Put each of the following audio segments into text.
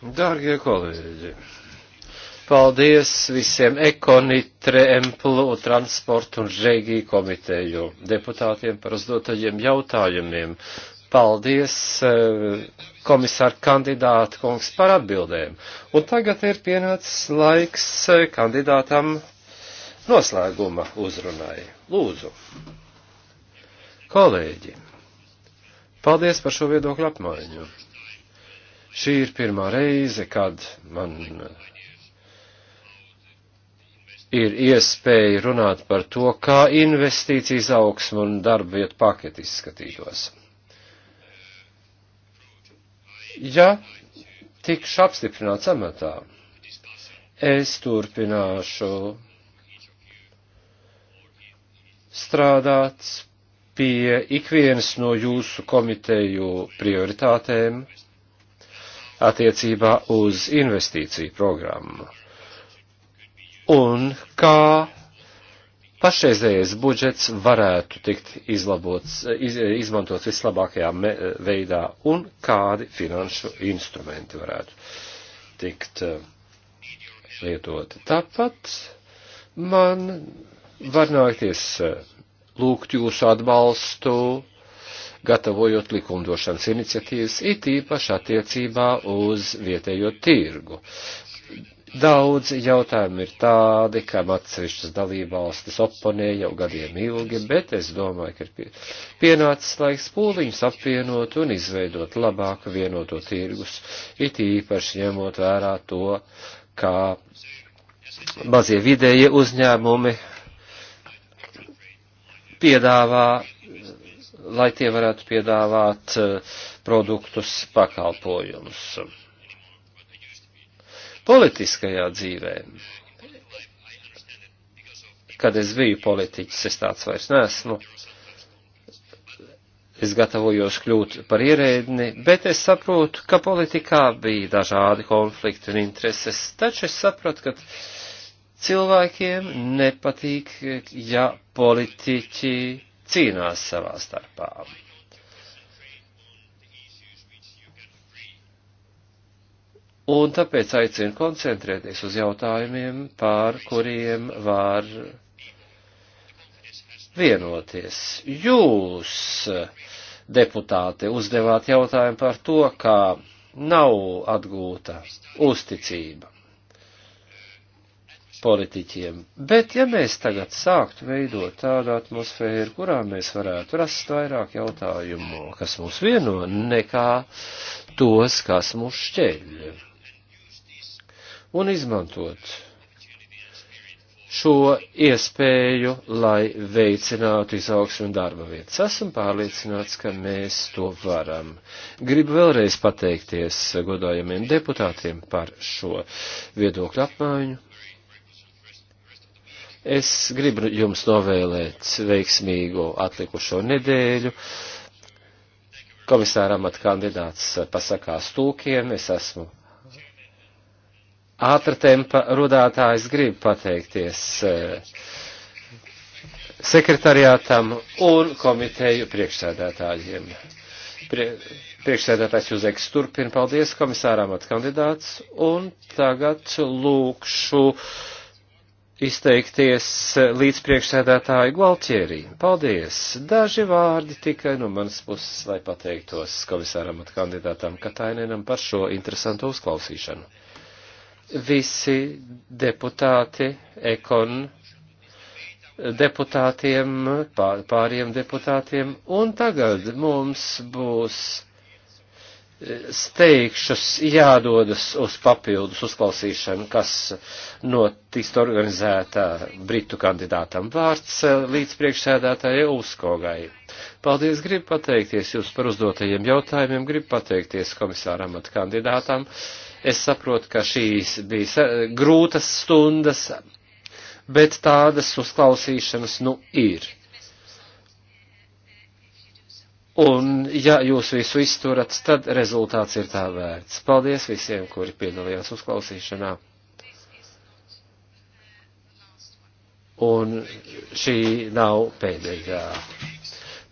Dārgie kolēģi, paldies visiem ekonitre, emplu, transportu un žēgī komiteju deputātiem par uzdotajiem jautājumiem. Paldies eh, komisāru kandidātu kungs par atbildēm. Un tagad ir pienācis laiks eh, kandidātam noslēguma uzrunai. Lūdzu, kolēģi, paldies par šo viedokļu apmaiņu. Šī ir pirmā reize, kad man ir iespēja runāt par to, kā investīcijas augsmu un darba vietu paketi izskatītos. Ja tikšu apstiprināts amatā, es turpināšu strādāt pie ikvienas no jūsu komiteju prioritātēm attiecībā uz investīciju programmu. Un kā pašreizējais budžets varētu tikt izlabots, iz, izmantots vislabākajā me, veidā un kādi finanšu instrumenti varētu tikt eh, lietoti. Tāpat man var nākties eh, lūgt jūsu atbalstu gatavojot likumdošanas iniciatīvas, it īpaši attiecībā uz vietējo tirgu. Daudz jautājumu ir tādi, kam atsevišķas dalībvalstis oponē jau gadiem ilgi, bet es domāju, ka ir pienācis laiks pūliņus apvienot un izveidot labāku vienoto tirgus, it īpaši ņemot vērā to, kā mazie vidējie uzņēmumi piedāvā lai tie varētu piedāvāt eh, produktus, pakalpojumus. Politiskajā dzīvē, kad es biju politiķis, es tāds vairs nesmu, es gatavojos kļūt par ierēdni, bet es saprotu, ka politikā bija dažādi konflikti un intereses, taču es sapratu, ka cilvēkiem nepatīk, ja politiķi cīnās savā starpā. Un tāpēc aicinu koncentrēties uz jautājumiem, pār kuriem var vienoties. Jūs, deputāti, uzdevāt jautājumu par to, kā nav atgūta uzticība politiķiem. Bet, ja mēs tagad sāktu veidot tādu atmosfēru, kurā mēs varētu rast vairāk jautājumu, kas mūs vieno, nekā tos, kas mūs šķēļ, un izmantot šo iespēju, lai veicinātu izaugsmu un darba vietas. Esmu pārliecināts, ka mēs to varam. Gribu vēlreiz pateikties godājumiem deputātiem par šo viedokļu apmaiņu Es gribu jums novēlēt veiksmīgu atlikušo nedēļu. Komisāra amata kandidāts pasakās tūkiem, es esmu ātra tempa rudātājs, gribu pateikties eh, sekretariātam un komiteju priekšsēdētājiem. Prie, priekšsēdētājs Juzeks turpina, paldies komisārām atkandidāts, un tagad lūkšu izteikties e, līdz priekšsēdētāju Gualtierī. Paldies! Daži vārdi tikai no manas puses, lai pateiktos komisāram un kandidātam Katainenam par šo interesantu uzklausīšanu. Visi deputāti, ekon deputātiem, pāriem deputātiem, un tagad mums būs steigšus jādodas uz papildus uzklausīšanu, kas notiks organizētā Britu kandidātam vārds eh, līdz priekšsēdētājai Ulskogai. Paldies, gribu pateikties jums par uzdotajiem jautājumiem, gribu pateikties komisāram at kandidātam. Es saprotu, ka šīs bija grūtas stundas, bet tādas uzklausīšanas nu ir. Un, ja jūs visu izturat, tad rezultāts ir tā vērts. Paldies visiem, kuri piedalījās uzklausīšanā. Un šī nav pēdējā.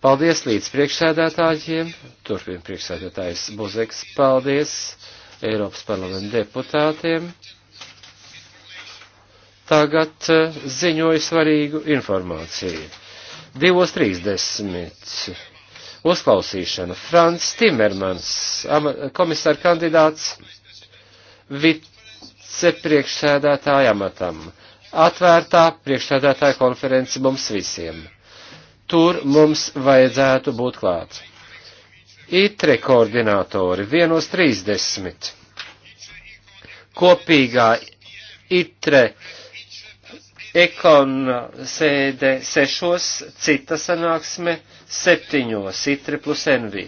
Paldies līdz priekšsēdētājiem. Turpin priekšsēdētājs Buzeks. Paldies Eiropas parlamenta deputātiem. Tagad eh, ziņoju svarīgu informāciju. 2.30 uzklausīšanu. Frans Timermans, komisāra kandidāts vicepriekšsēdētāja amatam. Atvērtā priekšsēdētāja konference mums visiem. Tur mums vajadzētu būt klāt. ITRE koordinātori 1.30. Kopīgā ITRE ekon sēde sešos, cita sanāksme septiņos, itri plus envī.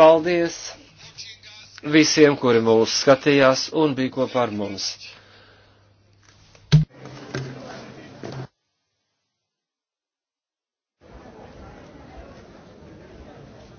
Paldies visiem, kuri mūs skatījās un bija kopā ar mums.